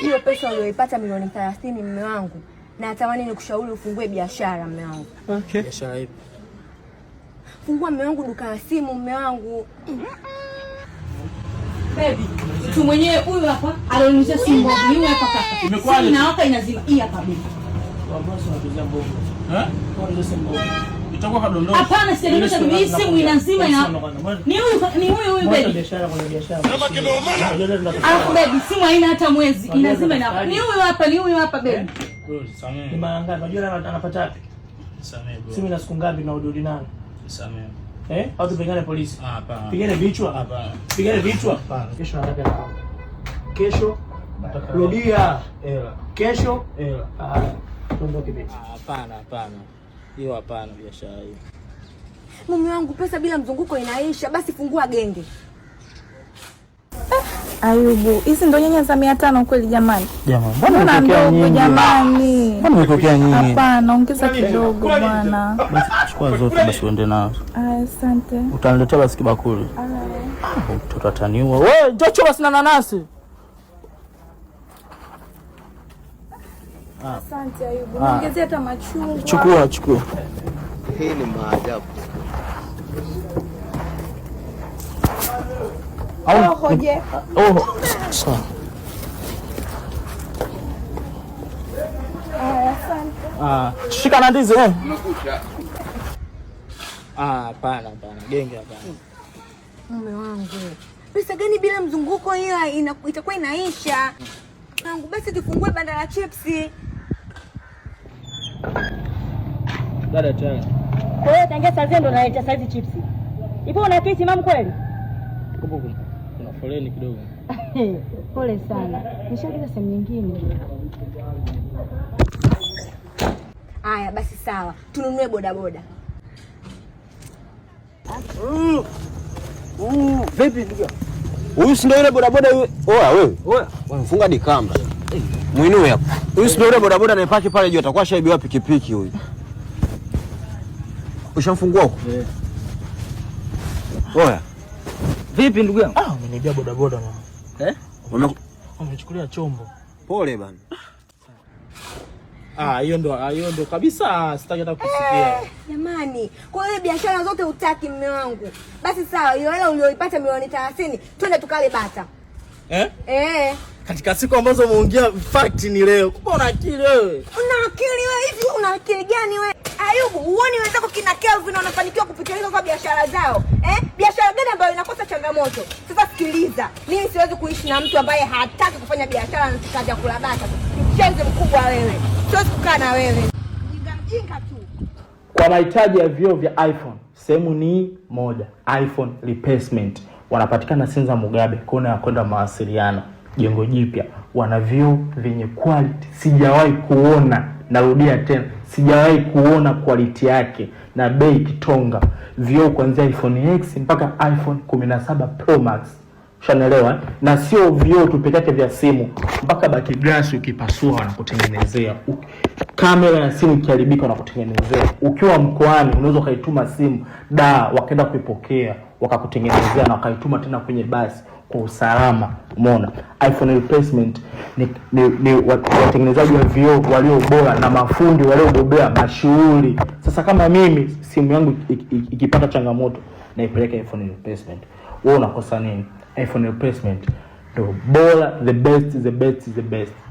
hiyo pesa uliyoipata milioni 30, mume wangu, na atamani nikushauri ufungue biashara mume wangu. Okay. Biashara ipi? Fungua mume wangu duka la simu mume wangu. Baby, mtu mwenyewe huyu hapa anaonyesha simu yule hapa kaka. Imekuwa inawaka inazima hii hapa baby. Wabasi wanapenda bovu. Eh? Kwa nini simu bovu. Hapana, sijaondosha bibi, hii simu ina nzima ina. Ni huyu ni huyu huyu baby. Alafu baby, simu haina hata mwezi, ina nzima ina. Ni huyu hapa, ni huyu hapa baby. Ni mara ngapi? Unajua anapata wapi? Simu ina siku ngapi na ududi nayo? Nisamehe. Eh? Au tupigane polisi? Ah, hapana. Pigane vichwa? Hapana. Pigane vichwa? Hapana. Kesho nataka hela. Kesho nataka. Rudia. Hela. Kesho hela. Ah, tuondoke bibi. Hapana, hapana hiyo hapana, biashara hiyo. Mume wangu, pesa bila mzunguko inaisha. Basi fungua genge. Eh, Ayubu, hizi ndo nyanya za mia tano kweli? Jamani, mbona ndogo jamani? nyingi. Hapana, ongeza kidogo bwana. Basi chukua zote basi uende nazo. Asante. Utaniletea basi kibakuli. Mtoto ah, ataniua. Wewe, njocho basi na nanasi Asante Ayubu. Ah. Niongezea hata machungwa. Chukua, ah. chukua. Hii ni maajabu. Au hoje. Oh. Sawa. Ah, shika na ndizi eh. Ah, hapana hapana. Genge hapana. Mume wangu. Pesa gani bila mzunguko, hiyo itakuwa inaisha. Basi tufungue banda la chipsi. Dada tena. Kwa hiyo tangia saa zile ndo naleta saa hizi chipsi. Ipo una kiti mama kweli? Kumbuka kuna foleni kidogo. Pole sana. Nishaagiza sehemu nyingine. Aya, basi sawa. Tununue bodaboda. Mm. Mm, vipi ndugu? Huyu si ndio yule bodaboda yule? Oa wewe. dikamba. Mwinue hapo. Huyu si boda boda anayepaki pale juu atakuwa shaibiwa pikipiki huyu. Ushamfungua huko? Eh. Oya. Vipi ndugu yangu? Ah, boda boda mama. Eh? Umechukulia chombo. Pole bana. Ah, hiyo ndo ah, hiyo ndo kabisa sitaki hata kusikia. Eh, jamani, eh, kwa hiyo biashara zote utaki mume wangu. Basi sawa, hiyo hela ulioipata milioni 30, twende tukale bata. Eh? Eh katika siku ambazo umeongea fact ni leo. Kumbe una akili wewe. Una akili wewe hivi una akili gani wewe? Ayubu, uone wenzako kina Kelvin wanafanikiwa kupitia hizo kwa biashara zao. Eh? Biashara gani ambayo inakosa changamoto? Sasa sikiliza. Mimi siwezi kuishi na mtu ambaye hataki kufanya biashara na kutaja kula bata. Mchezo mkubwa wewe. Siwezi kukaa na wewe. Jinga mjinga tu. Kwa mahitaji ya vioo vya iPhone, sehemu ni moja. iPhone replacement. Wanapatikana Sinza Mugabe, kona ya kwenda mawasiliano jengo jipya, wana vyoo vyenye quality. Sijawahi kuona, narudia tena, sijawahi kuona quality yake na bei kitonga. Vyoo kuanzia iPhone X mpaka iPhone 17 Pro Max, ushanelewa. Na sio vyoo tu peke yake vya simu, mpaka baki glasi ukipasua wanakutengenezea, kamera ya simu ikiharibika wanakutengenezea. Ukiwa mkoani unaweza ukaituma simu da, wakaenda kuipokea wakakutengenezea na wakaituma tena kwenye basi kwa usalama. Umeona, iPhone replacement ni, ni, ni watengenezaji wa vio walio bora na mafundi waliobobea mashuhuri. Sasa kama mimi simu yangu ikipata changamoto naipeleka iPhone replacement, wewe unakosa nini? iPhone replacement bora, the best, the best, the best.